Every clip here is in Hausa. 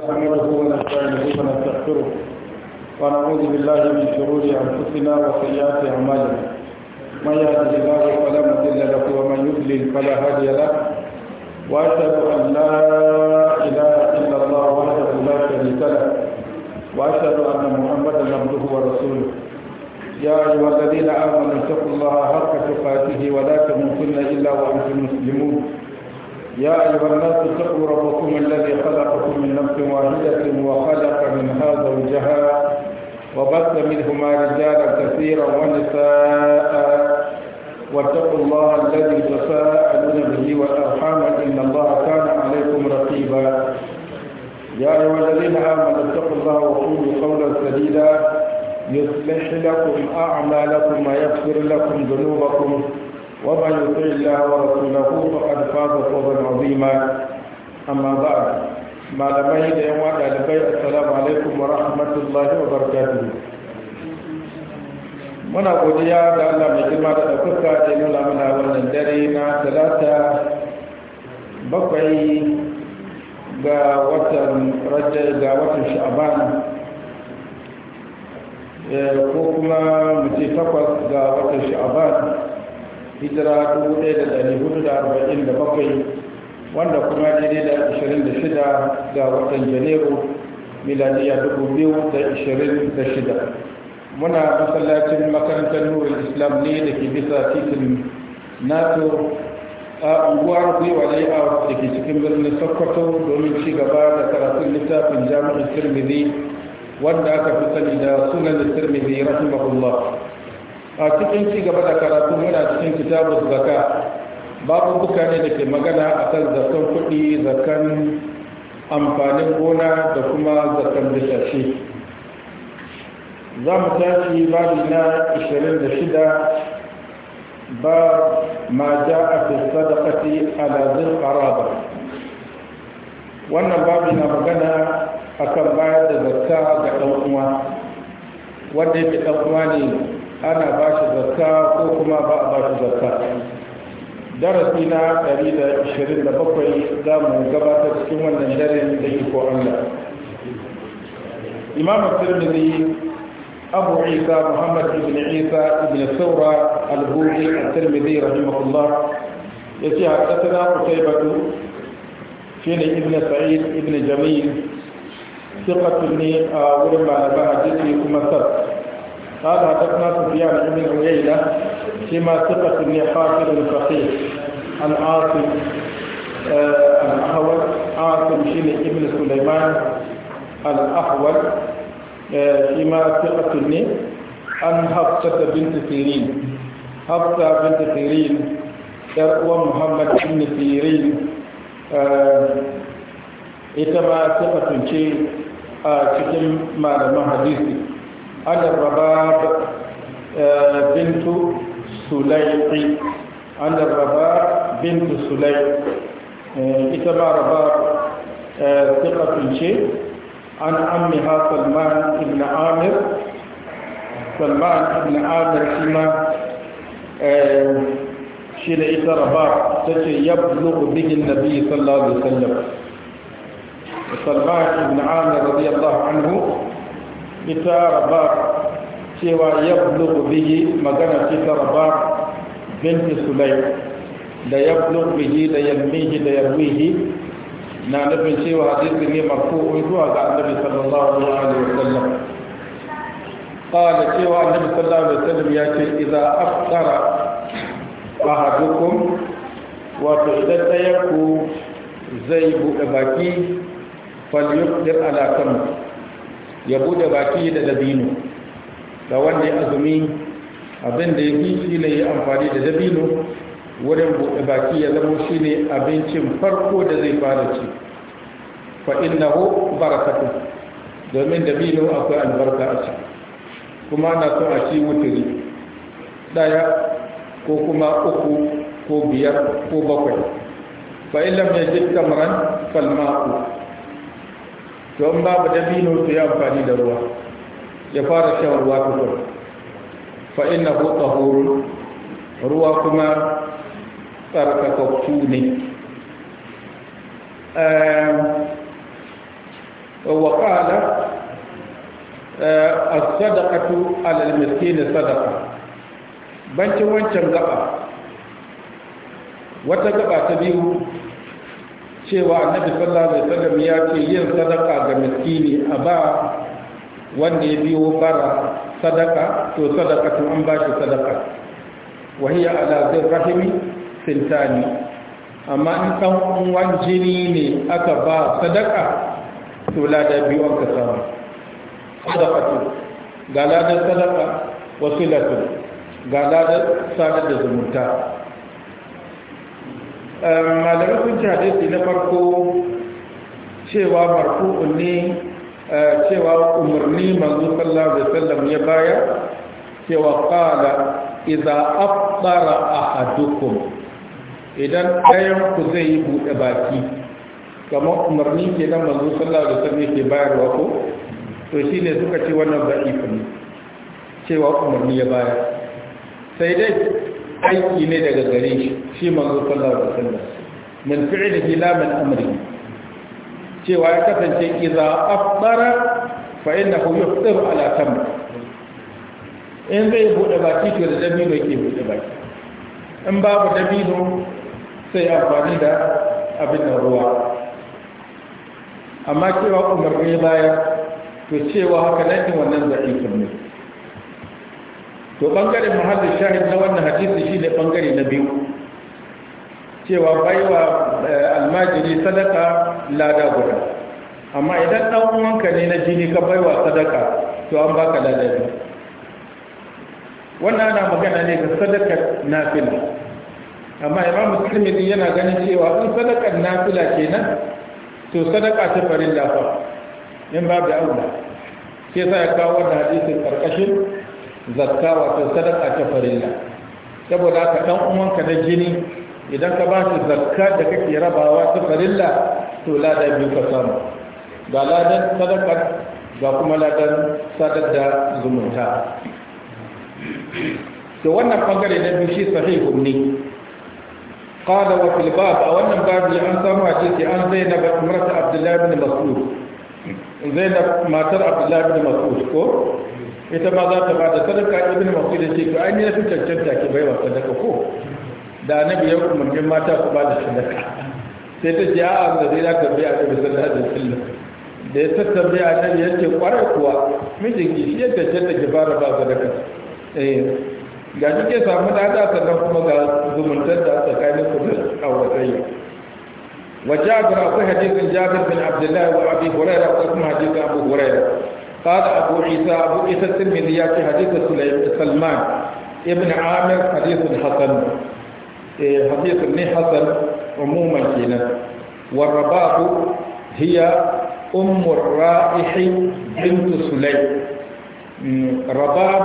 نحمده ونستعينه ونستغفره ونعوذ بالله من شرور انفسنا وسيئات اعمالنا من يهد الله فلا مضل له ومن يضلل فلا هادي له واشهد ان لا اله الا الله وحده لا شريك له واشهد ان محمدا عبده ورسوله يا ايها الذين امنوا اتقوا الله حق تقاته ولا تموتن الا وانتم مسلمون يا أيها الناس اتقوا ربكم الذي خلقكم من نفس واحدة وخلق منها زوجها وبث منهما رجالا كثيرا ونساء واتقوا الله الذي تساءلون به والأرحام إن الله كان عليكم رقيبا يا أيها الذين آمنوا اتقوا الله وقولوا قولا سديدا يصلح لكم أعمالكم ويغفر لكم ذنوبكم ومن يطع الله ورسوله فقد فاز فوزا عظيما اما بعد ما لمي da yan wada da bai assalamu alaikum wa rahmatullahi wa barakatuh muna godiya ga Allah mai girma da ɗaukaka da nuna mana wannan dare na talata bakwai ga watan rajab ga watan sha'ban ko kuma mu takwas ga watan sha'aban. hijira 1447 wanda kuma daidai da 26 ga watan janairu miladiya 2026 muna masallacin makarantar nurul islam ne da ke bisa titin nato a unguwar gwiwa a da ke cikin birnin sokoto domin ci gaba da karatun littafin jami'in tirmidhi wanda aka fi sani da sunan tirmidhi rahimahullah a cikin ci gaba da karatu muna cikin kitabu zaka babu buka ne da ke magana a kan zakan kuɗi zakan amfanin gona da kuma zakan bisashe za mu tashi babu na 26 ba ma ja a da kati a lazin araba wannan babu na magana akan bayar da zakka ga ɗan'uwa wanda ya fi ne ana ba shi zakka ko kuma ba a ba shi zakka darasi na 127 za mu gabatar cikin wannan daren da iko Allah imam tirmidhi abu isa muhammad ibn isa ibn saura al-buhi at-tirmidhi rahimahullah yace hadathana qutaybatu shine ibn sa'id ibn jamil ثقة ابن ولما نبه جسمي كما ثبت قال حدثنا سفيان بن عيينة فيما ثقة بن حافظ الفقيه عن عاصم الأحول آه، عاصم شين ابن سليمان الأحول آه، فيما ثقة بن عن حفصة بنت سيرين حفصة بنت سيرين تقوى محمد بن سيرين آه، إتما ثقة شيء ce a cikin malaman hadisi على آه، الرباب بنت سليق على الرباب بنت سليق اتبع رباب آه، ثقة شيء عن عمها سلمان بن عامر سلمان بن عامر فيما آه، شيل إذا رباب تشي يبلغ به النبي صلى الله عليه وسلم سلمان بن عامر رضي الله عنه ita rabar cewa ya bulugu bihi magana ce ta rabar binti sulai da ya bulugu bihi da yammihi da yarwihi na nufin cewa hadisi ne marfu'un zuwa ga annabi sallallahu alaihi wa sallam qala cewa annabi sallallahu alaihi wa sallam ya ce idza aftara ahadukum wato idan ɗayan ku zai buɗe baki falyukdir ala kanku ya bude baki da dabino da wanda ya azumi abin da ya fi shi ne ya amfani da dabino wurin bude baki ya zama shi ne abincin farko da zai fara ci fa innahu barakatu domin dabino akwai albarka a ciki kuma na so a ci wuturi daya ko kuma uku ko biyar ko bakwai fa illam yajid tamran fal ma'u to an babu dabino to ya amfani da ruwa ya fara shan ruwa tukun fa inna hu tahurun ruwa kuma tsarkakakku ne a الصدقة al’almiski ne sadaka بنت wancan gaba wata gaba ta biyu cewa annabi sallallahu alaihi wasallam ya ce yin sadaka ga miskini a ba wanda ya biyo bara sadaka to sadaka tun an ba shi sadaka wahiya ala zai rahimi sintani amma in san uwan jini ne aka ba sadaka to lada biyu aka samu tun ga ladar sadaka wasu latin ga ladar sadar da zumunta malamai sun ci hadisi na farko cewa marfu'un ne eh, cewa umarni manzo sallallahu alaihi wasallam ya baya cewa qala idza afṭara ahadukum idan ɗayan ku zai yi buɗe baki kamar umarni ke nan manzo sallallahu alaihi wasallam yake bayarwa ko to ne suka ce wannan da'if ne cewa umarni ya baya sai dai aiki ne daga gare shi shi manzo sallallahu alaihi wasallam min fi'lihi la min amrihi cewa ya kasance idza afdara fa innahu yufṭir ala tam in zai bude baki to da bai ke bude baki in babu dabino sai amfani da abin da ruwa amma cewa Umar umarni baya to cewa haka nan wannan zai ne to bangaren muhallin shahid na wannan hadisi shine bangare na biyu cewa baiwa eh, almajiri sadaka lada guda amma idan dan uwanka ne na jini ka baiwa sadaka to an baka lada biyu wannan ana magana ne ga sadakar nafila amma imam tirmidhi yana ganin cewa in sadakar nafila kenan to sadaka ta farin lafa in babu aula sai ya kawo wannan hadisin karkashin zakka wato sadaka ta farilla saboda haka dan uwanka na jini idan ka ba shi zakka da kake rabawa ta farilla to lada biyu ka samu ga ladan sadaka ga kuma ladan sadar da zumunta to wannan bangare na biyu shi sahihun ne qala wa fil bab a wannan babu an samu hadisi an zainab imrat abdullah ibn mas'ud zainab matar abdullah ibn mas'ud ko ita ba za ta ba da sadaka ibn da ce to ai ne na fi cancanta ki baiwa wa sadaka ko da annabi ya umarni mata ku ba da sadaka sai ta ji a'a da zai ka biya annabi sallallahu alaihi wasallam da ya tattabiya annabi ce kwarai kuwa mijinki shi ya cancanta ki fara ba sadaka eh ga kike samu da hada sannan kuma ga zumuntar da tsakanin ku da auratayya وجابر أخو حديث جابر بن عبد الله وأبي هريرة وأسمع حديث أبو هريرة قال أبو عيسى أبو عيسى الترمذي في حديث سلمان ابن عامر حديث حسن إيه، حديث ابن حسن عموما كنا والرباط هي أم الرائح بنت سليم رباب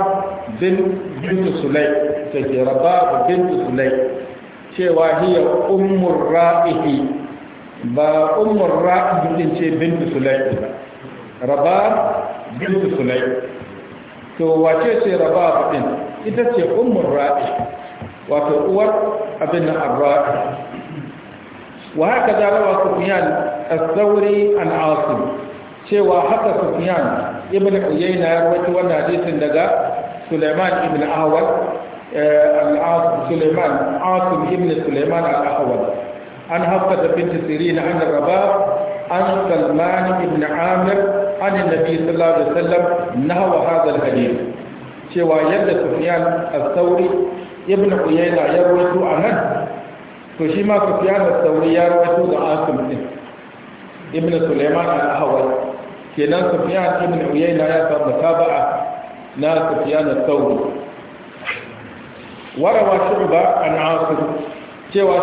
بنت بنت سليم تجي إيه، رباب بنت سليم cewa hiya ummur ra'ihi ba ummur ra'ihi din ce bint sulaiman rabab bintu sulai to wace ce raba abin ita ce ummul ra'i wato uwar abin arra'i wa haka da rawa sufyan as-sawri an asim cewa haka sufyan ibnu uyayna ya rawaito wannan hadisin daga sulaiman ibn ahwal eh, al-asim sulaiman asim ibn sulaiman al-ahwal an da bintu sirin an rabab عن سلمان بن عامر عن النبي صلى الله عليه وسلم نهو هذا الحديث cewa yadda sufyan al-sauri ibn uyayna ya rawaito a nan to shi ma sufyan sauri ya rawaito da asim ibn sulaiman al-ahwal kenan sufyan ibn uyayna ya samu taba'a na sufyan sauri cewa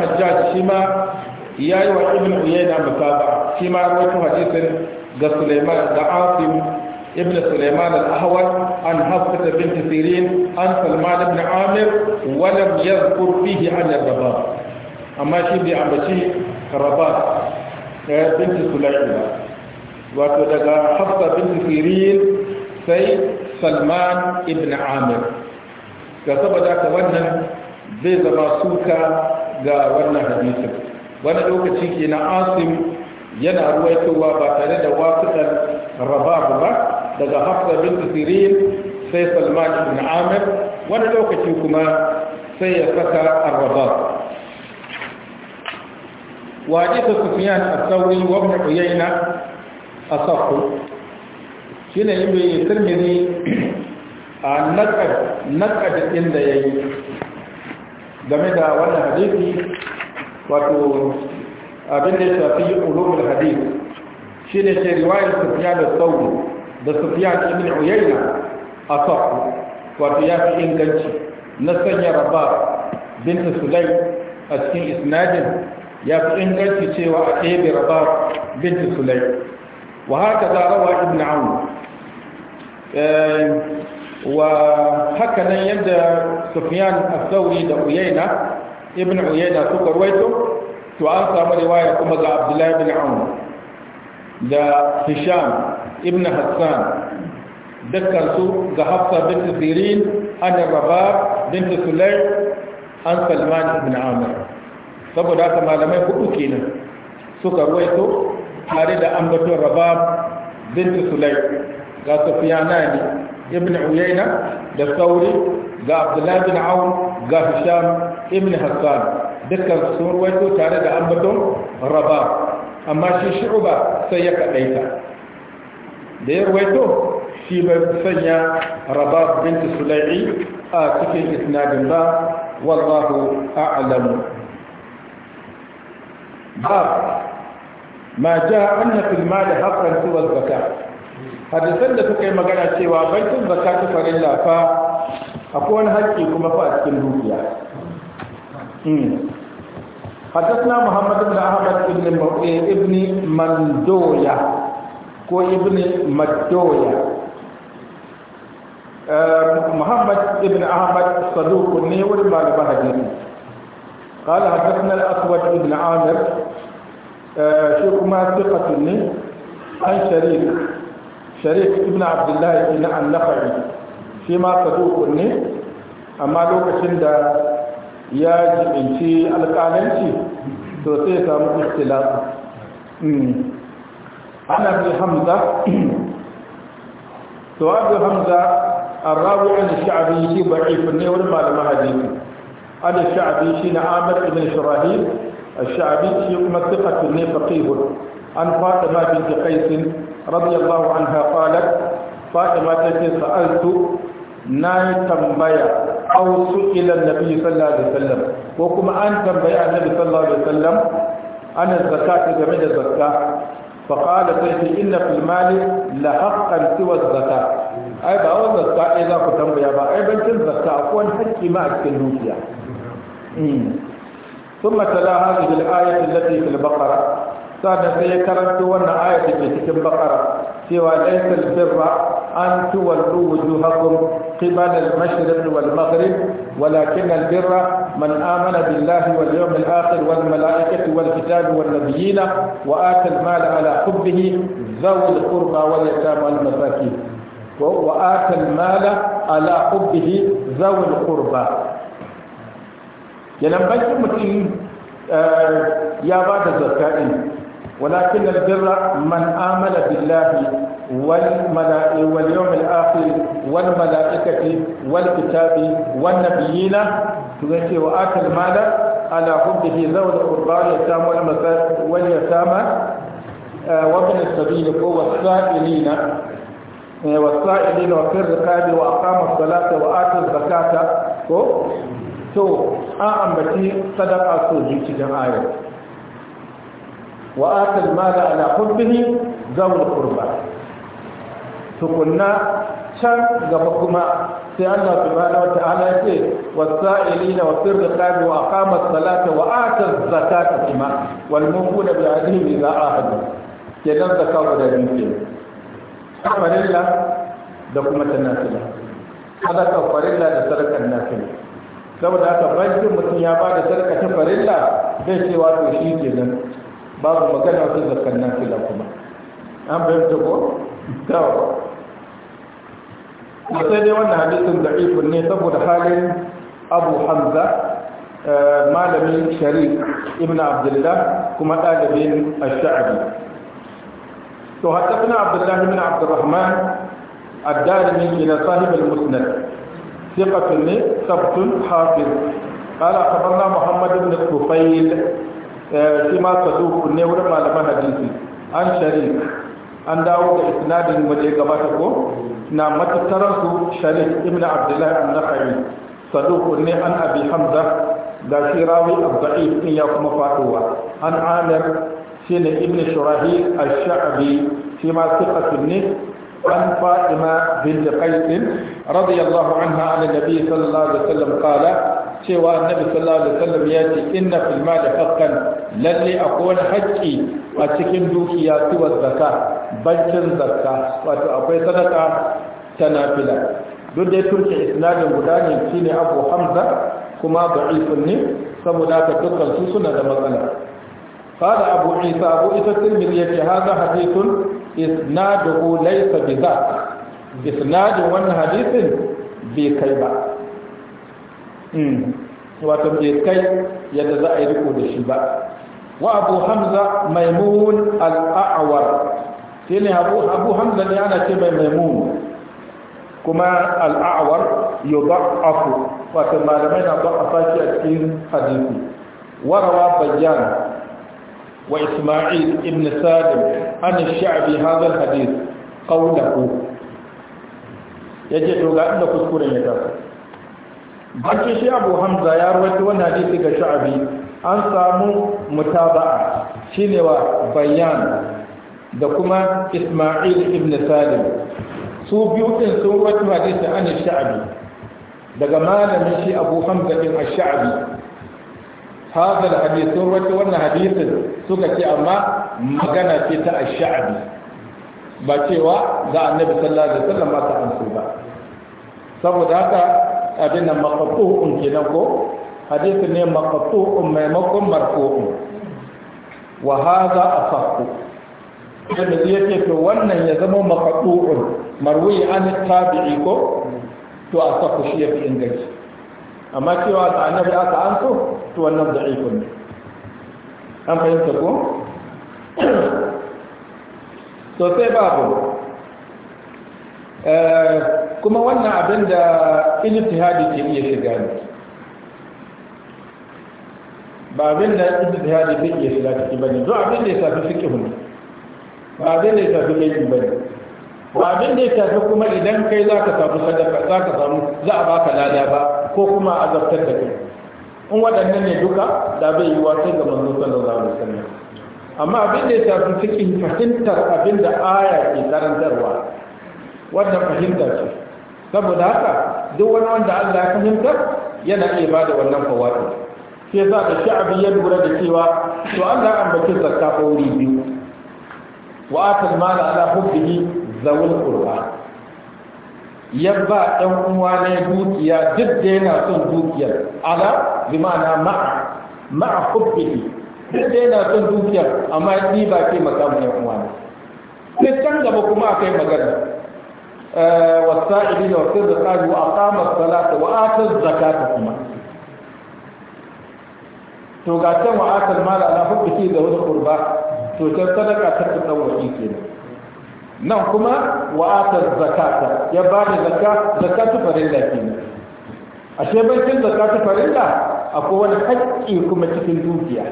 hajjaj shi يا يوحي ابن عيينة مسابع فيما رويت حديثا ذا سليمان عاصم ابن سليمان الأهول عن حفصة بنت سيرين عن سلمان بن عامر ولم يذكر فيه عن الرباط أما شيء بأما شيء الرباط آه، بنت سليمان وقد حفصة بنت سيرين سي سلمان ابن عامر كتب ذاك ونن بيزما سوكا ذا ونن حديثه wani lokaci kenan asim yana ruwaitowa ba tare da wasuɗar Rababu ba daga hafsa bin sirin sai salman ibn amir wani lokaci kuma sai ya saka ar-rabab wajita sufyan as-sawri a ibn shi ne shine ibn tirmidhi a naqad inda inda yi. game da wannan hadisi wato abin da ya shafi ulumul hadith shine ke riwayar sufyan al-thawri da sufyan ibn uyayna a sahu wato ya fi inganci na sanya rabat binta sulai a cikin isnadin ya fi inganci cewa a ɗebe rabat binta sulai wa haka za rawa ibn aun wa haka nan yadda sufyan al-thawri da uyayna ibn uyayda suka ruwaito to an samu riwaya kuma ga abdullahi ibn aun da hisham ibn hassan dukkan su ga hafsa bint sirin an rabab bint sulaim an salman ibn amr saboda haka malamai hudu kenan suka ruwaito tare da ambaton rabab bint sulaim ga sufyanani ibn uyayna da sauri ga abdullahi ibn aun ga hisham ibn hassan dukkan sun ruwaito tare da ambaton raba amma shi shu'uba sai ya kaɗaita da ya ruwaito shi bai sanya raba binti sulai'i a cikin isnadin ba wallahu a'lamu Ba ma ja anna fil da haqqan tuwa zakka hadisan da suka yi magana cewa bankin zakka ta farilla fa akwai wani haƙƙi kuma fa a cikin dukiya حدثنا محمد بن احمد بن ابن مندويا كو ابن مدويا آه، محمد بن احمد صدوق نيور مالبا حديث قال حدثنا الاسود بن عامر آه، شوف ما ثقة عن شريك شريك ابن عبد الله بن النخعي فيما صدوق أما لو كشندا ya jibinci alƙalanci to sai ya samu istilafi hmm. ana fi hamza to abu hamza arrabu an sha'abi shi ba'if ne wani malamin hadisi ana sha'abi shi na amir ibn shirahil الشعبي يقوم ثقة فقيه عن فاطمة بنت قيس رضي الله عنها ta ce تتي na yi tambaya. aw su'ila an-nabi sallallahu alaihi wasallam ko kuma an tambayi annabi sallallahu alaihi wasallam an zakata game da zakka fa qala sai inna fil mali la haqqan siwa zakka ai ba wannan zakka ai za ku tambaya ba ai ban cin zakka ko wani hakki ma a cikin dukiya ثم تلا هذه الآية التي في البقرة سادة سيكرت cikin آية في البقرة سوى ليس البر أن تولوا وجوهكم قبل المشرق والمغرب ولكن البر من آمن بالله واليوم الآخر والملائكة والكتاب والنبيين وآتى المال على حبه ذوي القربى واليتامى والمساكين وآتى المال على حبه ذوي القربى kenan bankin mutum ya ba da zakka ولكن البر من آمن بالله واليوم الآخر والملائكة والكتاب والنبيين تغشي وآتى المال على حبه ذوي القربى اليتامى واليتامى وابن السبيل والسائلين والسائلين وفي الرقاب وأقام الصلاة وآتى الزكاة تو أن أمتي صدقة سوجي cikin ayar وآت المال على حبه ذوي القربى can gaba kuma sai Allah subhanahu wata'ala ya ce wasa'ilina wa fir riqabi wa aqama as-salata wa ata az-zakata kima wal munquna bi adhihi idza ahadu kenan zakka guda biyu ke farilla da kuma tanafila kada ka farilla da sadakar nafila saboda haka bayan mutum ya ba da ta farilla zai ce wato shi kenan babu magana wata zakar fila kuma an bayan ko? dawa da sai dai wannan hadisun da ikon ne saboda halin abu hamza eh, malamin sharif ibn abdullah kuma ɗalibin ash-sha'abi to Abdullahi ibn abdullah ibn abdurrahman الدارمي إلى صاحب المسند ثقة ثبت حافظ قال أخبرنا محمد بن الطفيل Eh, shi ma saduku ne wurin malaman hadisi an sharif an dawo da isnadin wanda ya gabata ko na matattaran su sharif ibn abdullahi an-nakhai saduku ne an abi hamza da shi rawi abda'if din ya kuma faduwa an amir shine ibn shurahi ash-sha'bi shi ma thiqatun ne an فاطمة بنت قيس رضي الله عنها عن النبي صلى الله عليه وسلم قال cewa annabi sallallahu alaihi wasallam ya ce inna fil mali haqqan lalle akwai wani haƙƙi a cikin dukiya tuwa zakka bankin zakka wato akwai sadaka ta nafila duk dai turke isnadin guda ne shine Abu Hamza kuma da'ifun ne saboda ka dukkan su suna da matsala fara Abu Isa Abu Isa Tirmidhi yace hadha hadithun isnaduhu laysa bi isnadin wannan hadisin bai kai ba wato bai kai yadda za a yi riko da shi ba wa abu hamza maimun al'awar shi ne abu hamza ne ana ce mai maimun kuma al'a'awar yau ba ba'afu wato malamai na ba a shi a cikin hadisi warawa bayan wa isma'il ibn salim an sha'bi hadal hadis qawluhu yaje to ga inda kuskuren ya tafi bacci shi abu hamza ya rawaito wani hadisi ga sha'abi an samu mutaba'a shine wa bayan da kuma isma'il ibn salim su biyu din sun rawaito hadisi an sha'abi daga malamin shi abu hamza din ash-sha'abi hada al-hadith sun rawaito wannan hadisin suka ce amma magana ce ta ash-sha'abi ba cewa ga annabi sallallahu alaihi wasallam ba ta amsu ba saboda haka abin nan maqtu'un kenan ko hadithu ne maqtu'un maimakon marfu'un wa hadha yadda kada yake to wannan ya zama maqtu'un marwi an tabi'i ko to a saku shi ya fi inganci amma cewa da annabi aka an so to wannan da'ifun ne an fahimta ko Sosai sai babu kuma wannan abin da ilitihadi ke iya shiga ne ba abin da ilitihadi ke iya shiga ciki ba ne duk abin da ya tafi suke ne ba abin da ya tafi laifi ba ne ba abin da ya tafi kuma idan kai za ka samu sadaka za ka samu za a baka lada ba ko kuma a zartar da kai in waɗannan ne duka da bai yi wasu ga manzo sallallahu alaihi wasallam amma abin da ya tafi cikin fahimtar abin da aya ke karantarwa wannan fahimta ce saboda haka duk wani wanda Allah ya fahimta yana iya ba da wannan fawadi sai za da abin ya lura da cewa to Allah ya baki zakka ko wuri biyu wa atal mala ala hubbihi zawul qurba ya ba ɗan uwa ne dukiya duk da yana son dukiyar ala bi ma'ana ma'a ma'a hubbihi duk da yana son dukiyar amma ni ba ke makamu ya uwa ne sai can gaba kuma akai magana والسائلين والصدقاء وأقام الصلاة وآتى الزكاة كما to ga can wa akal mala ala hubbi da wani kurba to can sadaka ta ta tsawaki kenan nan kuma wa atal zakata ya ba da zakka zakatu farilla kenan ashe bankin zakatu farilla wani haƙƙi kuma cikin dukiya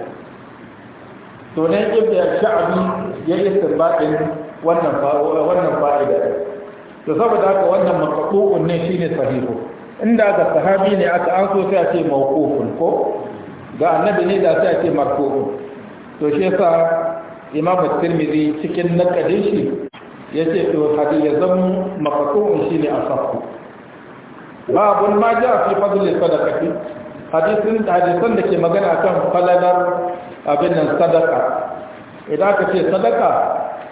to ne ibn sha'abi ya wannan wannan fa'ida to saboda haka wannan maqbu'un ne shine sahihu inda ga sahabi ne aka an so sai a ce mawqufun ko ga annabi ne da sai a ce marfu to shi yasa imam at-tirmidhi cikin naqadin shi yace to hadith ya zama maqbu'un shine asahhu babun ma ja fi fadli sadaqati da hadisan da ke magana akan falalar abin nan sadaka idan ka ce sadaka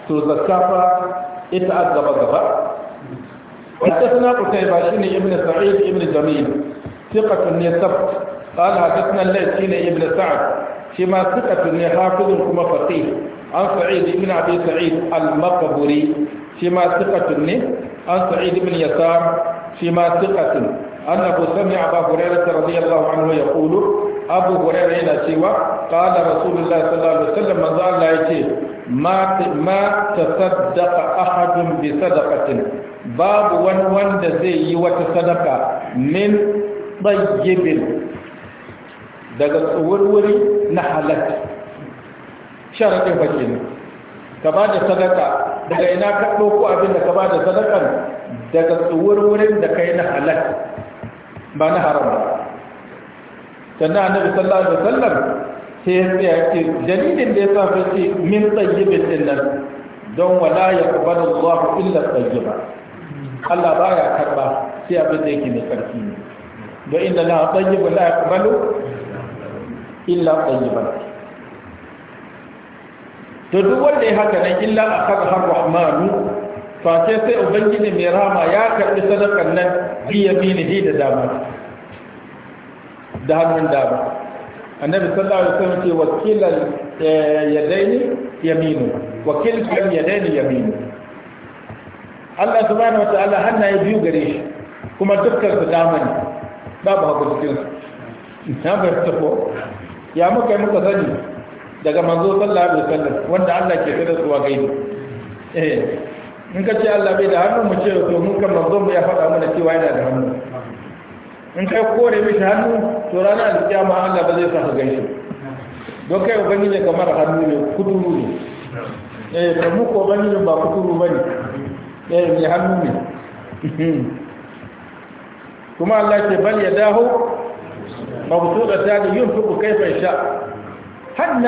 to zakka ita azaba gaba gaba حدثنا قتيبة بن ابن سعيد ابن جميل ثقة يثبت قال حدثنا الليث بن ابن سعد فيما ثقة حافظ كما فقيه عن سعيد بن أبي سعيد المقبري فيما ثقة عن سعيد بن يسار فيما ثقة أنه سمع أبا هريرة رضي الله عنه يقول abu hurairu yana cewa qala rasulullahi sallallahu alaihi wasallam manzo Allah yace ma ma tasaddaqa ahadun bi sadaqatin babu wani wanda zai yi wata sadaka min tayyibin daga tsawurwuri na halatta sharaɗin fake ne ka ba da sadaka daga ina ka ɗauko abin da ka ba da sadakar daga tsawurwurin da kai na halatta ba na haram ba sannan annabi sallallahu alaihi wasallam sai ya tsaya ce dalilin da ya sa fa ce min tayyibin din nan don wala ya yaqbalu Allah illa tayyiba Allah baya karba sai abin da yake mai tsarki ne don inna la tayyibu la yaqbalu illa tayyiba to duk wanda ya haka nan illa akhadha ar-rahmanu fa sai sai ubangiji mai rama ya karbi sadakan nan biya binihi da dama da hannun dama annabi sallallahu alaihi wasallam ce wakilal eh, yadaini yaminu wakil kan yadaini yaminu Allah subhanahu wataala hannaye biyu gare shi kuma dukkan su dama ne babu hagu cikin su na fahimta ko ya muka yi muka sani daga manzo sallallahu alaihi wasallam wanda Allah ke kada su wa eh in ka ce Allah bai da hannu mu ce to mun kan manzo mu ya faɗa mana cewa yana da hannu in kai kore mishi hannu to ranar alkiyama Allah ba zai saka gaishe don kai ubangiji kamar hannu ne kuduru ne eh ba mu ko ne ba kuduru bane eh ne hannu ne kuma Allah ke bal ya dahu mabsuda ta da yin fuku kaifan sha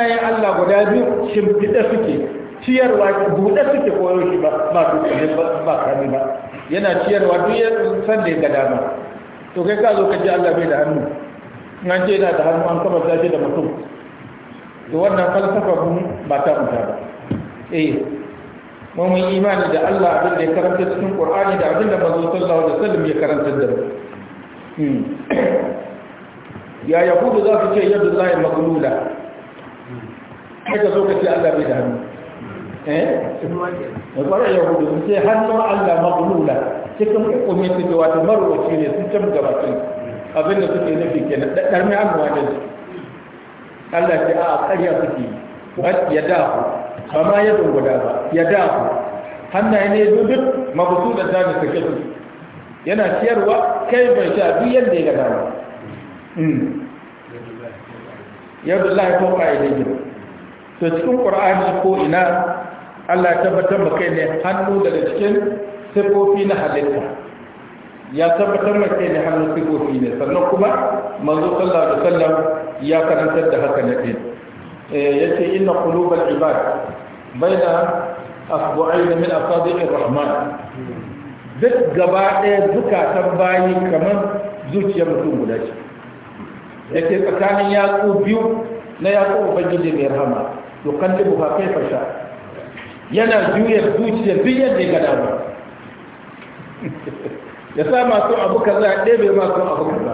ya Allah guda biyu shimfida suke ciyarwa buɗe suke koyo shi ba ba ba ba yana ciyarwa duk ya san da ya ga dama to kai ka zo ka ji Allah bai da hannu an ce yana da hannu an kama zafi da mutum to wannan falsafa mu ba ta mutu ba eh mu mun imani da Allah abin da ya karanta cikin Qur'ani da abin da manzo sallallahu alaihi wasallam ya karanta da mu hmm. ya yahudu za ku ce yadda Allah ya maglula kai ka zo ka ji Allah bai da hannu eh da kwarar yahudu sun ce hannun allah maglula cikin hukumin su da wata marwaci ne sun can bakin abin da suke nufi ke na ɗaɗɗar mai an wani allah ce a ƙarya suke ya dafu ba ma ya dunguda ba ya dafu hannaye ne duk mabutu da zami suke su yana ciyarwa kai bai sha duk yadda ya gada ba yadda Allah ko kowa ne yi to cikin ƙur'ani ko ina Allah ya tabbatar da kai ne hannu daga cikin sifofi na halitta ya tabbatar da kai ne hannu sifofi ne sannan kuma manzo sallallahu alaihi wasallam ya karantar da haka ne eh, yace inna qulubal ibad baina asbu'ain min asabi'ir rahman duk gaba ɗaya zukatan bayi kamar zuciyar mutum guda ce da tsakanin yatsu biyu na yatsu ubangiji mai rahama to kan dubu ha kai fasha yana juyar zuciyar duk yadda ya gada ba ya sa masu abu kaza ya ɗebe masu abu kaza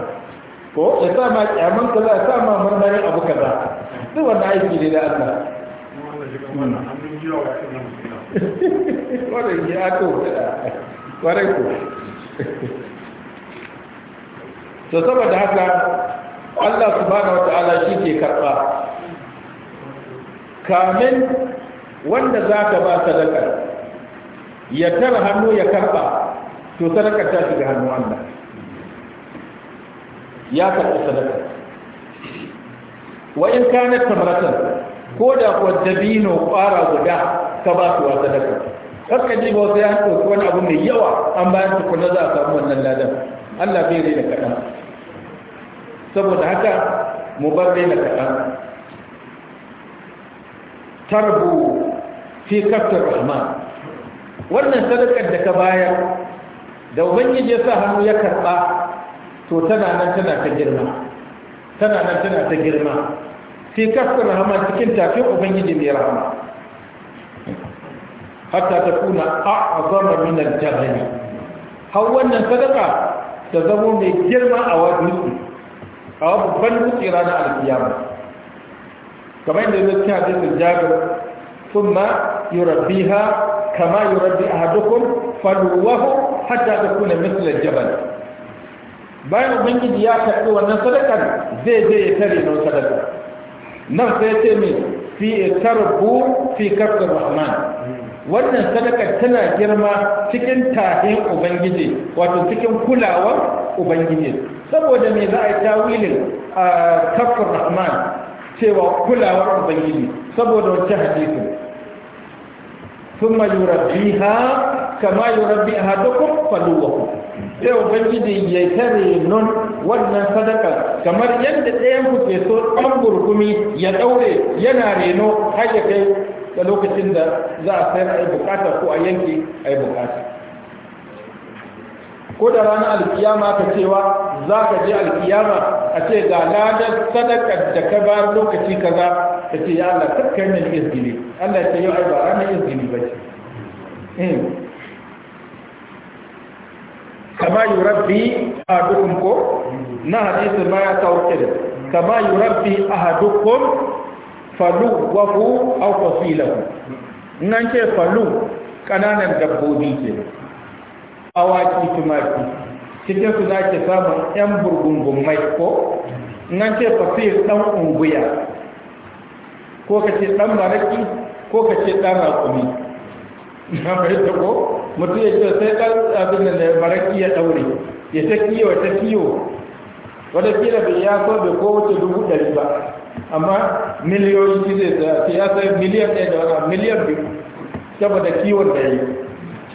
ko ya sa ma kyaman kaza ya sa ma marmarin abu kaza duk wanda aiki ne da Allah wannan ya to kwarai ko to saboda haka Allah subhanahu ta'ala shi ke karɓa kamin wanda za ka ba sadaka ya tara hannu ya karba to sadaka ta shiga hannu Allah ya karɓi sadaka wa in kana tamratan ko da kuwa dabino ƙwara guda ka ba su wa sadaka kakka ji ba wasu ya ɗauki wani abu mai yawa an bayan tukuna za a samu wannan ladan Allah bai rai da kaɗan saboda haka mu bar rai da kaɗan tarbu fi kaftar rahman wannan sadakar da ka bayar da ubangiji ya sa hannu ya karɓa to tana nan tana ta girma tana nan tana ta girma fi kaftar rahman cikin tafi ubangiji mai rahama hatta ta kuna azama min al-jahannam har wannan sadaka ta zama mai girma a wajen a babban dutse ranar alkiyama kamar yadda zai cikin hadisin jabir thumma yurabbiha kama yurabbi ahadukum faluwahu hatta takuna mithla jabal bayan ubangiji ya karɓi wannan sadakar zai zai ya tare nan sadakar nan sai ce mai fi tarbu fi karɓar rahman wannan sadakar tana girma cikin tahin ubangiji wato cikin kulawar ubangiji saboda me za a yi tawilin a kafin rahman cewa kulawar ubangiji saboda wancan hadisi thumma yurabbiha kama yurabbi ahadukum faluwahu sai ubangiji ya tare non wannan sadaka kamar yadda ɗayan ku ke so ɗan gurgumi ya ɗaure yana reno har ya kai da lokacin da za a sayar a yi bukata ko a yanke a yi bukata ko da ranar alkiyama ka cewa za ka je alkiyama a ce ga ladar sadakar da ka ba lokaci kaza ta ce ya Allah mai izgili Allah ya ce yau ai ba ranar izgili ba ce eh. kama yi rabbi a dukkan ko na hadisi ma ya kawo kira kama yi rabbi a dukkan falu wafu au fasilahu nan ce falu kananan dabbobi ke awaki tumaki cikin su za ke samun yan burgungun mai ko nan ce fasir dan unguya ko ka ce ɗan maraki ko ka ce ɗan raƙumi na fahimta ko mutu ya ce sai ɗan abin da maraki ya ɗaure ya ta kiyo ta kiyo wata kila bai ya so bai ko wuce dubu ɗari ba amma miliyoyi shi zai ta ya sai miliyan ɗaya da wani miliyan biyu saboda kiwon da yi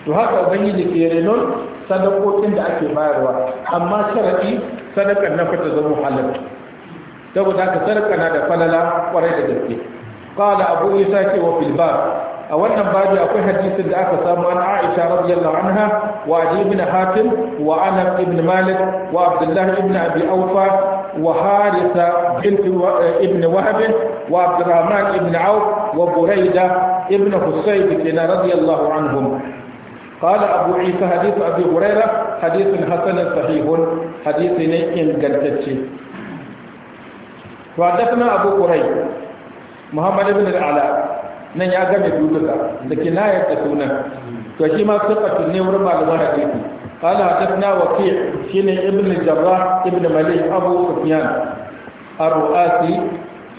to haka ubangiji ke renon sadakokin da ake bayarwa amma sharaɗi sadakar na fata zama halal saboda haka sadaka na da falala kwarai da gaske قال أبو إساك وفي الباب أولا بعد أقول حديث الآخر سامو عن عائشة رضي الله عنها وعلي بن حاتم وعنب بن مالك وعبد الله بن أبي أوفى وحارثة بنت ابن وهب وعبد الرحمن بن عوف وبريدة ابن حسين كنا رضي الله عنهم قال أبو عيسى حديث أبي هريرة حديث حسن صحيح حديث إن قلتشي وحدثنا أبو قريب muhammad ibn al'ala ala nan ya gane duka da kinayar da sunan to shi ma suka ne wurin malaman hadisi na hadathna shi ne ibn jarrah ibn malik abu sufyan ar-ruasi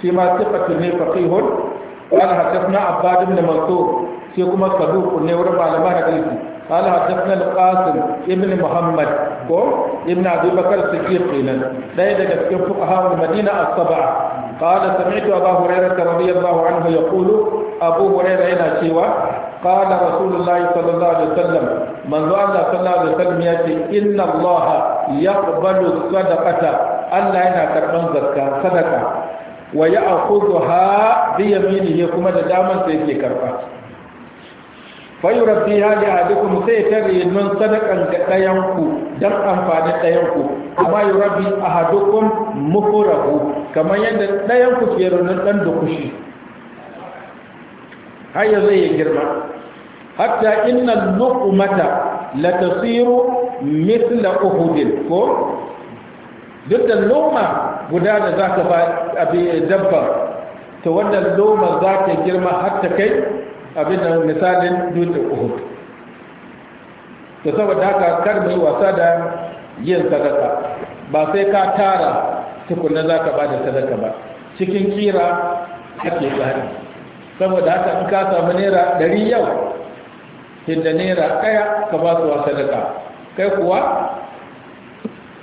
shi ma sifatu ne faqihun qala hadathna abba ibn mansur sai kuma saduku ne wurin malaman ilimi ala hadathna al-qasim ibn muhammad ko ibn abi bakr sikir kinan dai daga cikin fuqaha madina as-sab'a sami'tu abu hurairah radiyallahu anhu yaqulu abu hurairah yana cewa qala rasulullahi sallallahu alaihi wasallam manzo allah yana karban zakka sadaqa wa ya'khudha bi kuma da daman yake karba fayurabbi hali ahadukum sai ta nan sadakan ga ɗayanku don amfanin ɗayanku amma yurabbi ahadukum mukurahu kamar yadda ɗayanku ke renon ɗan dukushi har ya zai girma hatta inna luqmata la tasiru mithla uhudin ko duk da loma guda da zaka ba abi dabba to wannan loma za ta girma har ta kai abin da misalin dutsen uhud to saboda haka kar mu yi wasa da yin sadaka ba sai ka tara tukunna za ka ba da sadaka ba cikin kira ake tsari saboda haka in ka samu naira ɗari yau inda naira ɗaya ka ba su daga kai kuwa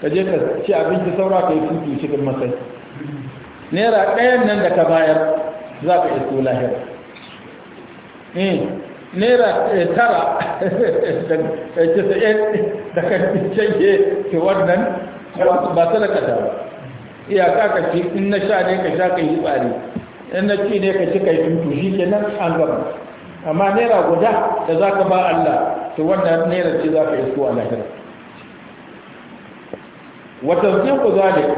ka je ka ci abinci saura ka yi tutu cikin masai naira ɗayan nan da ka bayar za ka iso lahira Eh, naira eh, tara eh, da kai da canje ke wannan ba ta da kata ba iyaka ka ci in na sha ne ka sha ka yi tsari in na ci ne ka ci ka yi tutu shi ke nan an gaba amma naira guda da za ka ba Allah to wannan naira ce za ka yi suwa lahira wata zai ku zalik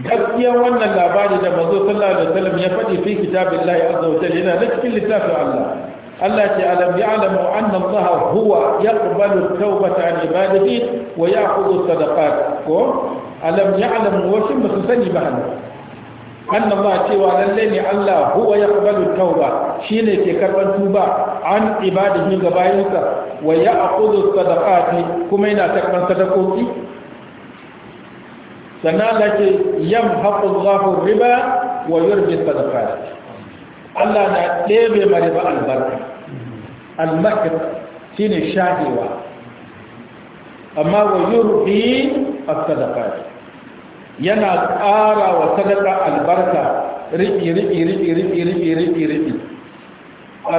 gaskiya wannan labari da mazo sallallahu alaihi wasallam ya faɗi fi kitabillahi azza wa jalla yana da cikin littafin Allah Allah ce alam ya'lamu anna Allah huwa yaqbalu tawbata an ibadihi wa ya'khudhu sadaqat ko alam ya'lamu wa shin musu sani ba Allah anna Allah cewa lalle ne Allah huwa yaqbalu tawba shine ke karban tuba an ibadihi ga bayinsa wa ya'khudhu sadaqat kuma yana karban sadakoki sannan da ce yam haƙullahu riba wa yurbi sadaka. Allah na ɗebe ma riba albarka almakar ne shahewa amma wa yurbi a sadaka. yana ƙara wa sadaka albarka riƙi riƙi riƙi riƙi riƙi riƙi riƙi A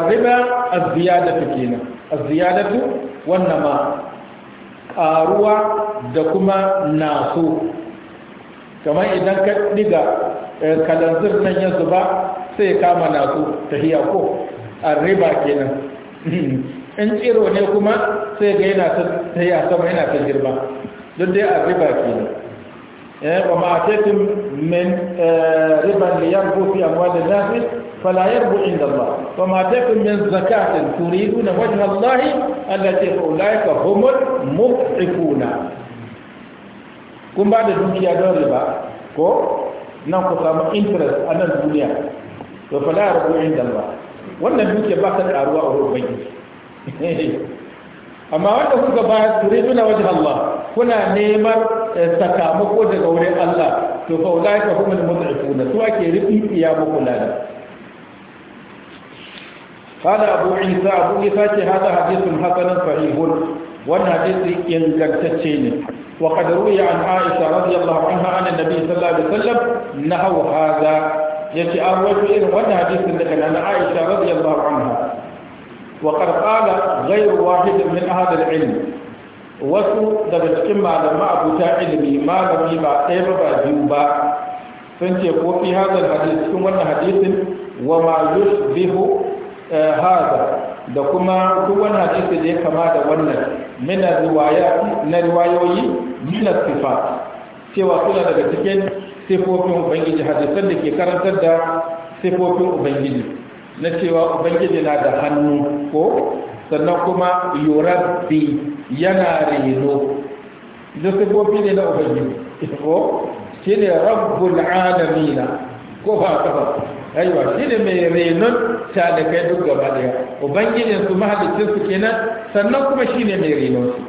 الزيادة wannan ma ƙaruwa da kuma ناسو kamar idan ka diga eh, kalanzir nan ya zuba sai kama ta hiya ko riba kenan in tsiro ne kuma sai ga yana ta hiya sama yana ta girma duk dai riba kenan eh, wa tun min eh, riban li yarbu fi amwalin nasi فلا يربو عند الله وما تكن من زكاة تريدون وجه الله التي فأولئك هم المضعفون kun ba da dukiya don riba ko nan ku samu interest a nan duniya to fa la rabu inda Allah wannan dukiya ba ta karuwa a wurin banki amma wanda kuka ba turiduna wajh Allah kuna neman eh, sakamako daga wurin Allah to fa ulai ka humul mud'ifuna su ake rufi iya muku lada abu isa عيسى أبو عيسى هذا حديث حسن صحيح وأن حديث gantacce ne. وقد روي عن عائشة رضي الله عنها عن النبي صلى الله عليه وسلم نهوا هذا يتي أرويت إن وانا حديث لكن عن عائشة رضي الله عنها وقد قال غير واحد من هذا العلم wasu daga cikin malama abuta ilimi malami ba ɗaya ba ba biyu ba sun ce ko fi hadal hadis cikin wannan hadisin wa ma yushbihu hada da kuma duk wannan hadisi da ya kama da wannan mina riwaya na riwayoyi mina sifa cewa suna daga cikin sifofin ubangiji hadisan da ke karantar da sifofin ubangiji na cewa ubangiji na da hannu ko sannan kuma yurabbi yana reno da sifofi ne na ubangiji ko shi ne rabbul alamina ko ba ta ba aiwa shi ne mai renon talakai duk gaba daya ubangijin su mahalicin su kenan sannan kuma shi ne mai renon su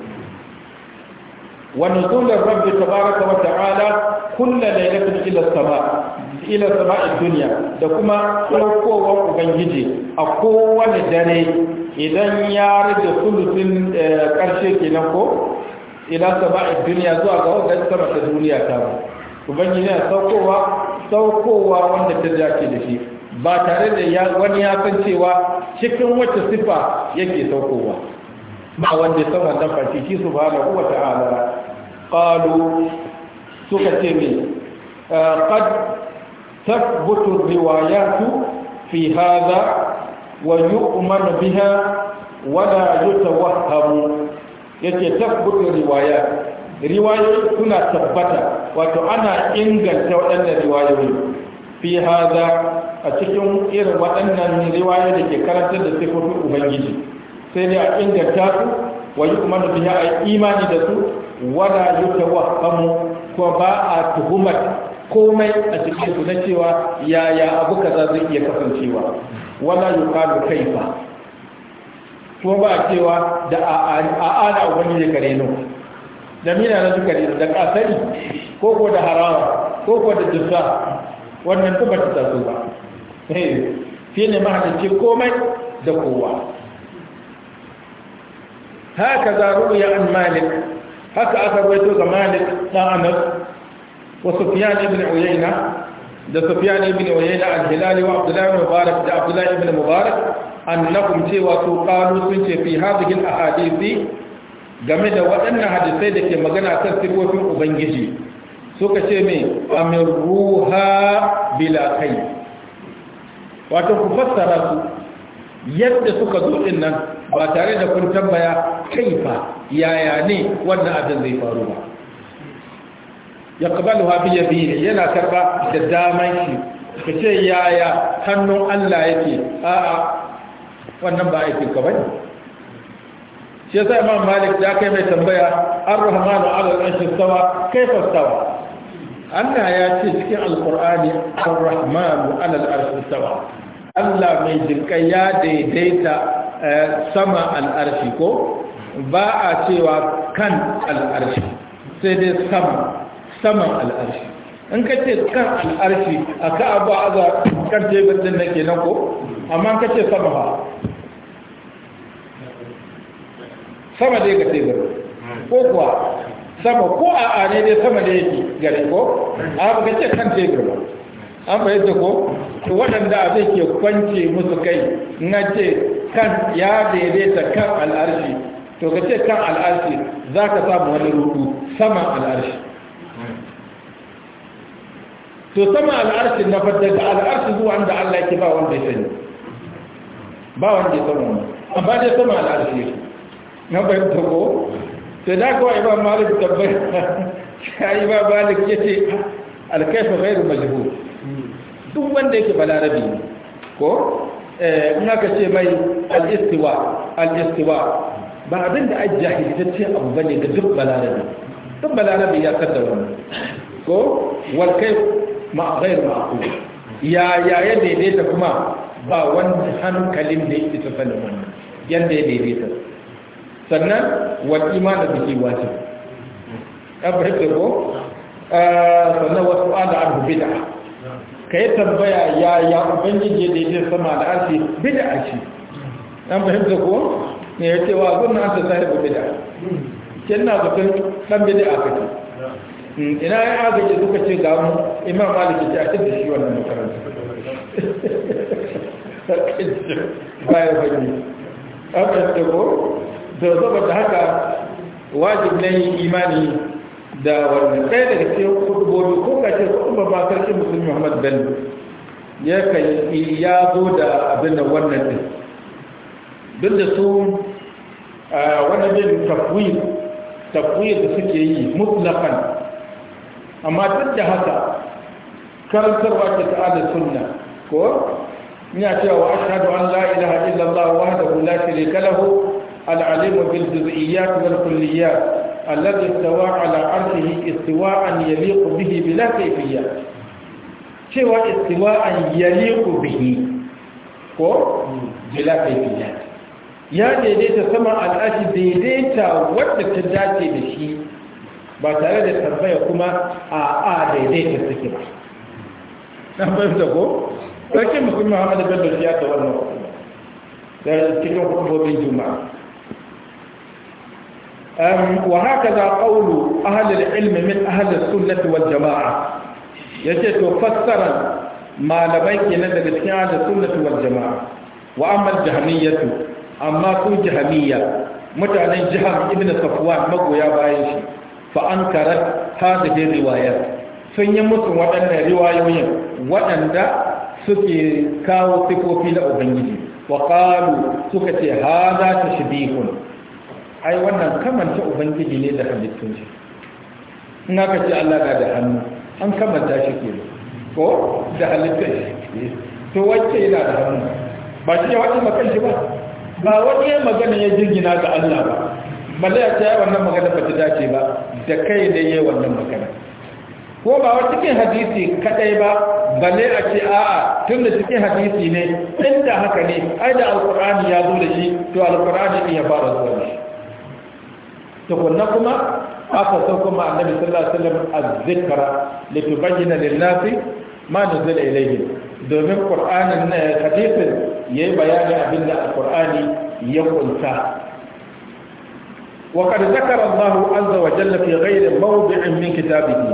wa nuzulur rabbi tabaraka wa ta'ala kullu lailatin ila sama ila sama dunya da kuma saukowar ubangiji a kowane dare idan ya rage sulusin karshe eh, kenan ko ila sama dunya zuwa ga wannan sama ta duniya ta ubangiji ya saukowa saukowa wanda ta dace da shi ba tare da wani ya san cewa cikin wacce sifa yake saukowa ba wanda ya san wannan farki shi subhanahu wa ta'ala qalu suka ce me ah, qad tathbutu riwayatu fi hadha wa yu'manu biha wa la yatawahhamu yake tathbutu riwayatu riwayoyi suna tabbata wato ana inganta waɗannan riwayoyi fi haza a cikin irin waɗannan riwayoyi da ke karantar da sifofin ubangiji sai dai a inganta su wa yi kuma biya a imani da su wala yi ta wahamu ko ba a tuhumar komai a cikin su na cewa yaya abu kaza zai iya kasancewa wala yi kalu ba? kuma ba a cewa da a'ana wani ya gare nau da mina suka sukari da kasari ko ko da harawa ko ko da dusa wannan ta bata taso ba shi ne mahalicci komai da kowa haka za ruya an malik haka aka ruwaito ga malik ɗan anas wa sufiyan ibn uyayna da sufiyan ibn uyayna al-hilali wa abdullahi mubarak da abdullahi ibn mubarak annakum cewa su qalu sun ce fi hadhihi al-ahadithi game da waɗannan hadisai da ke magana kan sifofin ubangiji suka ce mai amin ruha bila kai wato ku fassara su yadda suka zo ɗin nan ba tare da kun tambaya kai fa yaya ne wannan abin zai faru ba ya kabalu hafi ya biyu yana karɓa da damar shi ka ce yaya hannun allah yake a'a wannan ba aikin ka bane shi yasa imam malik da kai mai tambaya ar-rahmanu ala al-arshi stawa kaifa stawa Allah ya ce cikin alqur'ani ar-rahmanu ala al-arshi stawa Allah mai jinkai ya daidaita eh, sama al-arshi ko ba a cewa kan al'arshi sai dai sama saman al'arshi in ka ce kan al'arshi a ka'aba a za kan tebur din da ke amma ka ce sama ba sama dai ga tebur ko kuwa sama ko a ne dai sama da yake gare ko a ga ce kan tebur ba an da ko to waɗanda a zai ke kwance musu kai na ce kan ya daidaita kan al'arshi to ga ce kan al'arshi za ka samu wani rudu sama al'arshi to sama al'arshi na fadda ga al'arshi zuwa da Allah ke ba wanda ya sani ba wanda ya sani amma dai sama al'arshi yake na bayyanta ko sai da kawai ba malik tabbai yi ba malik ya ce alkaifa gairu majhul duk wanda yake balarabi ko eh, in aka ce mai al-istiwa al-istiwa ba abin da an jahilitacce abu ne ga duk balarabi duk balarabi ya kada wani ko walkai ma'azayar ma'aku ya yaya daidaita kuma ba wani hankalin da ya ita sanin wani yadda ya daidaita sannan wal imanu bihi wajib abrike ko ah, sannan wasu ala abu bid'a ka yi tambaya ya ya ubangiji da yake sama da arshi bid'a ce an fahimta ko ne ya ce wa zunna anta sahibu bid'a ce na zaton dan bid'a kake hmm, ina ya agaje suka ce ga mu imam maliki ta ce da shi wannan makaranta bayan bane an fahimta ko da saboda haka wajib ne imani da wannan kai daga cikin kudubobi ko ka ce kudubar ba sarki musulmi muhammad bin ya kai ya zo da abin wannan din duk da su wannan bin tafwir tafwir da suke yi mutlaqan amma duk da haka karantarwa ce ta ala sunna ko ina cewa wa ashhadu an la ilaha illallah wahdahu la sharika lahu العليم بالجزئيات والكليات الذي استوى على عرشه استواء يليق به بلا كيفية سوى استواء يليق به بلا كيفية ya daidaita sama al'ashi daidaita wanda ta dace da shi ba tare da tambaya kuma a a daidaita suke ba ɗan fahimta ko? ɗauke musulman hamadu bello ya ta wannan cikin hukumomin juma'a وهكذا قول أهل العلم من أهل السنة والجماعة يجد فسرا ما لبيك ندر فعل السنة والجماعة وأما الجهمية أما كو جهمية متعنى جهم ابن صفوان مقو يا بايش فأنكرت هذه الروايات sun yi musu waɗannan riwayoyin waɗanda suke kawo sifofi na Ubangiji wa suka ce haza ta shibihun ai wannan kamanta ubangiji ne da halittun shi in aka ce Allah ga da hannu an kamanta shi ke ko da halittun shi to wacce yana da hannu ba shi ya wace makan shi ba ba wani ya magana ya jirgina ga Allah ba Malle ta yi wannan magana ba ta dace ba da kai ne ya wannan magana ko ba wa cikin hadisi kadai ba balle a ce a'a tun da cikin hadisi ne inda haka ne ai da alkur'ani ya zo da shi to alkur'ani ya fara zuwa shi tukunna kuma aka sauko ma annabi sallallahu alaihi wasallam az-zikra litubayyana lin-nasi ma nuzila ilayhi domin qur'anin ne hadisin yayi bayani abinda alqur'ani ya kunta wa qad zakara Allahu azza wa jalla fi ghayri mawdi'in min kitabihi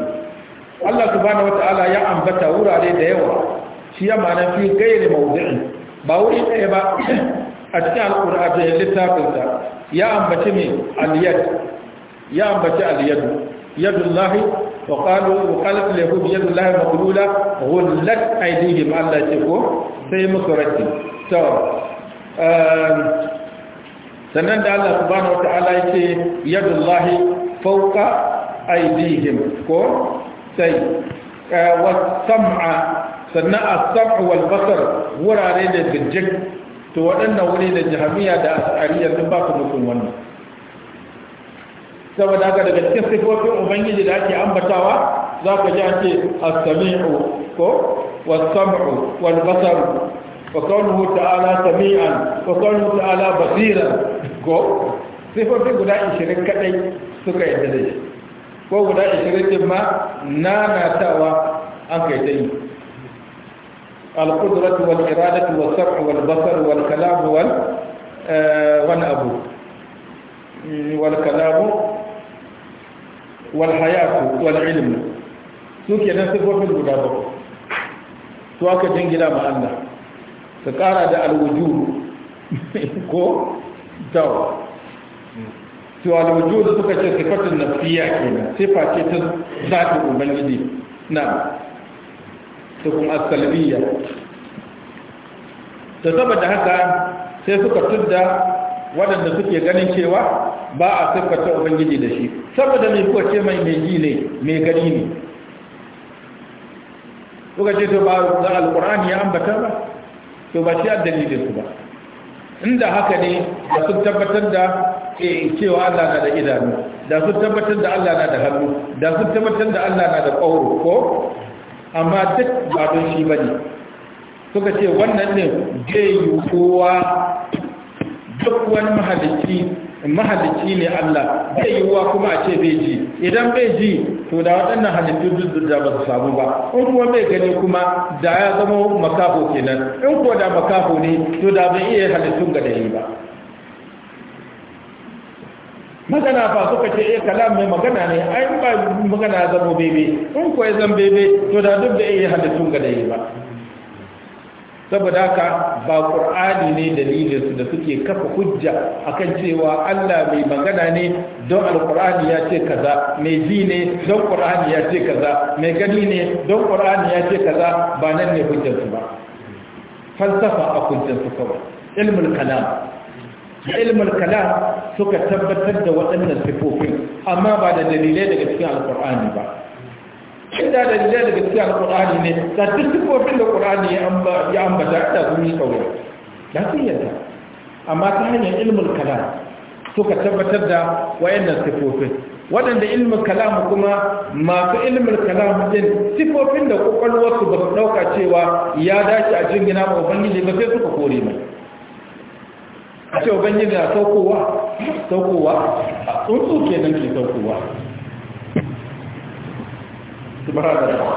Allah subhanahu wa ta'ala ya ambata wurare da yawa shi ya ma'ana fi ghayri mawdi'in ba wuri ɗaya ba a cikin alƙur'an littafinsa ya ambaci mai Aliyadu. ya ambaci aliyadu Yadu yadullahi wa qalu wa qalat lahu bi yadillahi maqlula ghullat aydihim Allah ce ko sai musu raki to um, sannan da Allah subhanahu wataala yace yadullahi fawqa aydihim ko sai uh, wa sam'a sannan as-sam'u wal basar wurare da bijjik to waɗannan wuri da jihamiya da asariya sun ba su mutum wannan saboda haka daga cikin sifofin ubangiji da ake ambatawa za ka ji ake asami'u samiu ko wasam'u samu wal-basaru ta'ala sami'an wa وقوله ta'ala basiran. ko sifofin guda 20 kadai suka yi dade ko guda 20 din ma nanatawa an kai ta yi. القدرة والإرادة والسمع والبصر والكلام وال والأبو والكلام والحياة والعلم سوكي نصفه في الغدابة سواك جنجلا مع الله سكارة دا الوجود كو تاو to الوجود suka ce sifatun nafsiya kenan sifa ce ta zati da kuma asalbiya da saboda haka sai suka tudda waɗanda suke ganin cewa ba a siffata ubangiji da shi saboda mai kuwa ce mai meji ji ne mai gani ne suka ce to ba za alkur'ani ya ambata ba to ba shi a dalilin su ba inda haka ne da sun tabbatar da eh, cewa Allah na da idanu da sun tabbatar da Allah na da hannu da sun tabbatar da Allah na da ƙauro ko amma duk ba don shi ba ne suka ce wannan ne zai yi kowa duk wani mahalicci mahalicci ne Allah zai yi wa kuma a ce bai ji idan bai ji to da waɗannan halittu duk da ba su samu ba in kuma bai gani kuma da ya zama makaho kenan in kuwa da makaho ne to da bai iya halittun ga da ba magana fa suka ce eh kalam mai magana ne ai ba magana ya zama bebe in ko ya zama bebe to da duk da iya halittun ga dai ba saboda haka ba qur'ani ne dalilin da suke kafa hujja akan cewa Allah mai magana ne don alqur'ani ya ce kaza mai ji ne don qur'ani ya ce kaza mai gani ne don qur'ani ya ce kaza ba nan ne hujjar su ba falsafa a hujjar su kawai ilmul kalam da ilmul kalam suka tabbatar da waɗannan sifofin amma ba da dalilai daga cikin Alƙur'ani ba inda dalilai daga cikin Alƙur'ani ne da duk sifofin da ƙur'ani ya ambata da sun yi kauye da sun yarda amma ta hanyar ilmul kalam suka tabbatar da waɗannan sifofin waɗanda ilmin kalam kuma masu ilmin kalam din sifofin da ƙwaƙwalwarsu ba su ɗauka cewa ya dace a jirgin ba ubangiji ba sai suka kore mai a ce ubangiji na saukowa saukowa a tsuntsu ke nan ke saukowa subhanallah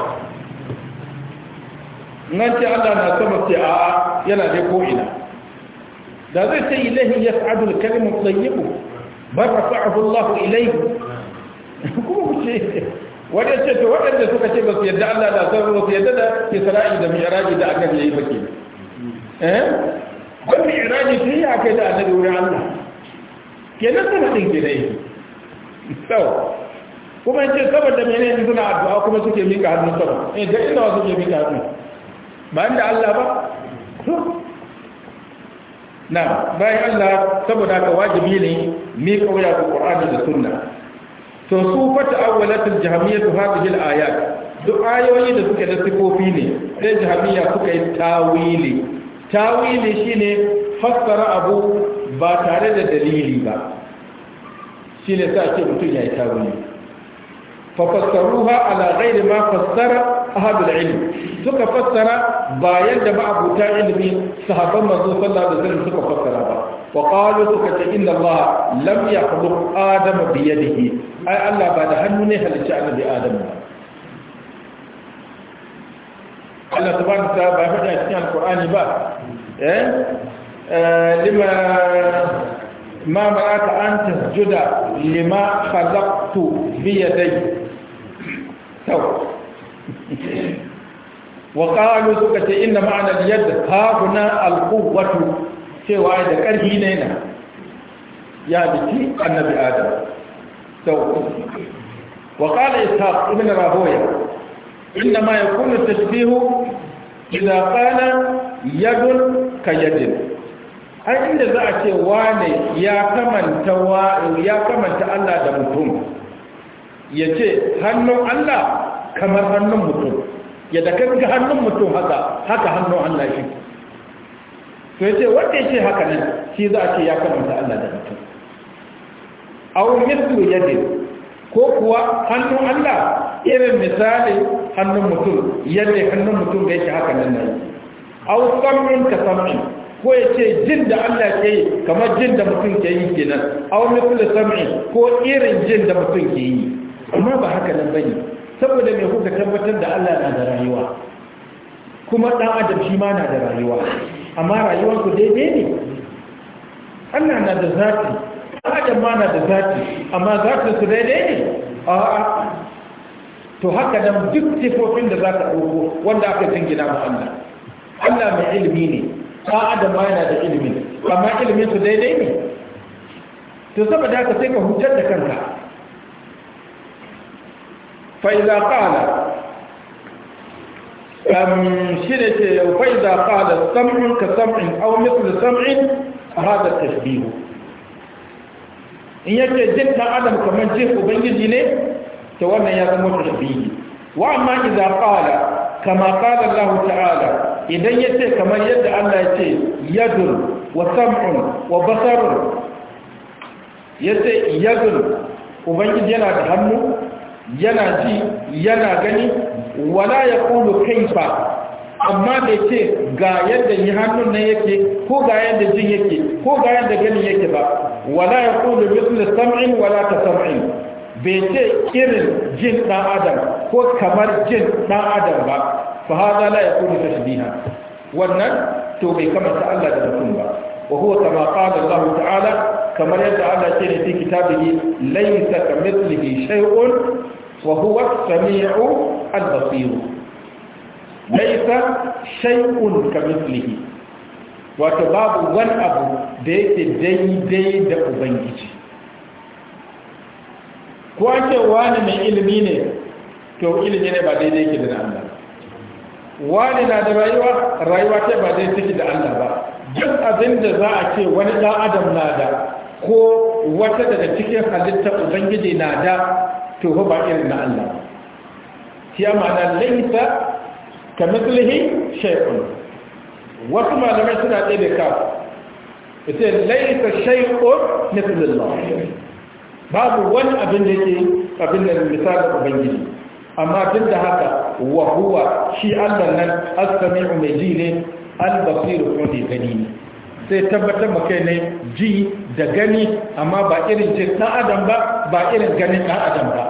nan ce Allah na sama ce a yana dai ko da zai ce ilahi yas'adu al-kalimu tayyibu bar rafa'ahu Allah ilayhi kuma ku ce wadda ce to waɗanda suka ce ba su yadda Allah na sama ba yadda da ke Isra'i da Mi'raji da aka yi baki. wanda iraji sun yi aka da annabi wurin allah ke nan sama ɗin ke dai sau kuma ce saboda mene ne suna addu'a kuma suke mika hannu sama eh da ina wasu ke mika hannu ba inda allah ba na bayan Allah saboda ka wajibi ne mi kawai ga Qur'ani da Sunna to su fata awwalatul jahmiyyah hadhihi al-ayat duk ayoyi da suke da sifofi ne sai jahmiya suka yi tawili tawili shine fassara abu ba tare da dalili ba shine sa ake mutum ya yi tawili fa fassaruha ala ghairi ma fassara ahadul ilm suka fassara ba yadda ba abuta ilmi sahabban manzo sallallahu alaihi wasallam suka fassara ba wa qalu suka ce inna allah lam yakhluq adama bi yadihi ai allah ba da hannu ne halicci annabi adam ba Allah subhanahu wa ta'ala bai faɗa cikin alqur'ani ba eh? eh lima ma ma'aka an tasjuda lima khalaqtu bi yadayya to وقالوا سكت إن معنى اليد ها هنا القوة سوى إذا كره نينا يا بتي النبي آدم سو وقال إسحاق ابن راهوية إنما يكون التشبيه إذا قال يد كيد ai inda za a ce wane ya kamanta Allah da mutum ya ce hannun Allah kamar hannun mutum ya da ga hannun mutum haka haka hannun Allah shi to yace wanda yace haka nan shi za a ce ya kamanta Allah da mutum aw mithlu yadin ko kuwa hannun Allah irin misali hannun mutum yadda hannun mutum da yake haka nan nayi aw sam'in ka sam'in ko ya ce jin da Allah ke yi kamar jin da mutum ke yi ke nan, au aw mithlu sam'in ko irin jin da mutum ke yi amma ba haka nan ba ne saboda me kuka tabbatar da Allah na da rayuwa kuma dan adam shi ma na da rayuwa amma rayuwar ku daidai ne Allah na da zati adam ma na da zati amma zatin su daidai ne a'a to haka nan duk sifofin da za ka ɗauko wanda aka jingina mu Allah Allah mai ilimi ne ta adam ma yana da ilimi amma ilimin su daidai ne to saboda haka sai ka hutar da kanka Faiza idza qala kam um, shi ne ce yau. Faiza qala sam'un ka sam'in aw mithlu sam'in hada tashbihu in yake jin ɗan adam kamar jin ubangiji ne Ta wannan ya zama tashbihi wa amma idza qala kama qala Allah ta'ala idan yace kamar yadda Allah yace yadun wa sam'un wa basarun yace yadun ubangiji yana da hannu yana ji yana gani wala ya kai kaifa amma bai ce ga yadda yi hannun nan yake ko ga yadda jin yake ko ga yadda ganin yake ba wala ya mithlu sam'in wala ta sam'in bai ce irin jin ɗan adam ko kamar jin ɗan adam ba fa hada la yakunu tashbiha wannan to bai kamata Allah da mutum ba wa huwa kama qala Allah ta'ala kamar yadda Allah ce ne cikin kitabihi laysa kamithlihi shay'un wa huwa as-sami'u al-basir laysa shay'un kamithlihi wato babu wani abu da yake daidai da ubangiji ko ake wani mai ilimi ne to ilimi ne ba daidai yake da Allah wani na da rayuwa rayuwa ce ba daidai take da Allah ba duk abin da za a ce wani ɗan adam na da ko wata daga cikin halitta ubangiji na da to ba irin na Allah kiya amana laisa ka mislihi shay'un wasu malamai suna ɗaya da ka ita laisa shay'un mislillah babu wani abin da yake abin da misalin ubangiji amma duk da haka wa huwa shi Allah nan as-sami'u mai ji ne al-basir kuma mai gani ne sai tabbatar ma kai ne ji da gani amma ba irin jin dan adam ba ba irin ganin dan adam ba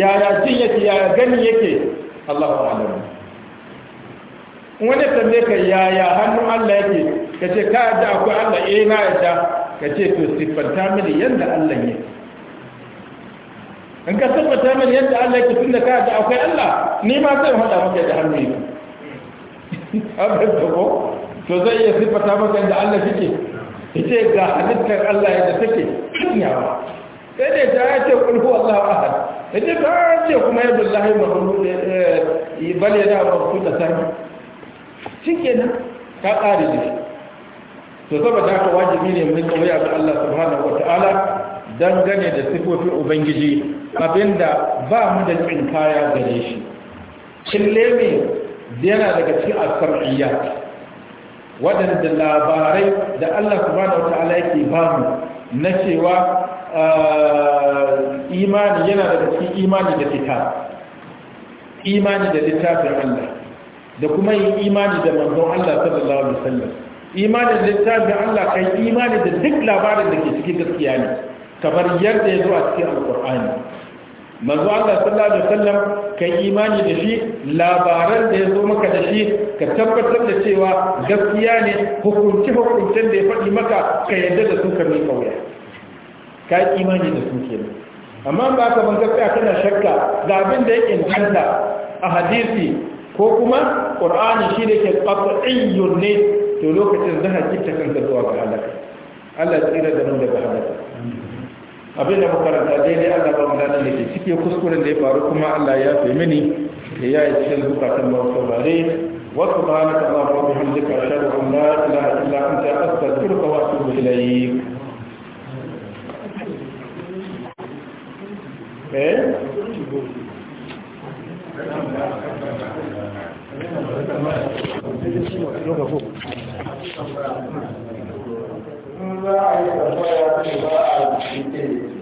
yaya jin yake yaya gani yake Allahu a'lam wani tambaye ka yaya hannun Allah yake kace ka da akwai Allah eh na yadda ka ce to siffanta mini yadda Allah ya in ka siffanta mini yadda Allah ya da ka ga akwai Allah ni ma zai hada maka da hannu ne abin da ko to zai iya siffanta maka yadda Allah yake ce ga halittar Allah yadda take kinyawa sai dai ta yace kul huwa Allahu ahad ta yace kuma yadullahi mahmud eh, bal da mabsuta sahi shikenan Ta kare da shi to saboda haka wajibi ne mun kawai ga Allah subhanahu wata'ala gane da sifofin ubangiji abinda ba mu da tsinkaya gare shi kille ne yana daga cikin asar'iyya waɗanda labarai da Allah subhanahu wata'ala yake ba mu na cewa eh, imani yana daga cikin imani da fita, imani da littafin Allah da kuma yin imani da manzon Allah sallallahu alaihi wasallam imanin littafin Allah kai imani da duk labarin da ke cikin gaskiya ne kamar yadda ya zo a cikin alkur'ani manzo Allah sallallahu alaihi wasallam kai imani da shi labaran da ya zo maka da shi ka tabbatar da cewa gaskiya ne hukunci hukuncin da ya faɗi maka ka yarda da su ka mai kauya ka imani da su kenan amma ba ka ban gaskiya kana shakka ga abin da yake inganta a hadisi ko kuma ƙur'ani shi da ke qat'iyyun ne تلوك تنزها جبتة تنزلوا بها بحالك ألا تغير دمون بها لك أبينا مقرن تأديني ألا بمدان لكي سيكي وكسكور اللي باركما ألا يافي مني هي يتشل بقى تنمو صباري وسبحانك الله وبحمدك أشهد أن لا إله إلا أنت أستغفرك وأتوب إليك Eh? in za a yi tambaya ne ba a cikin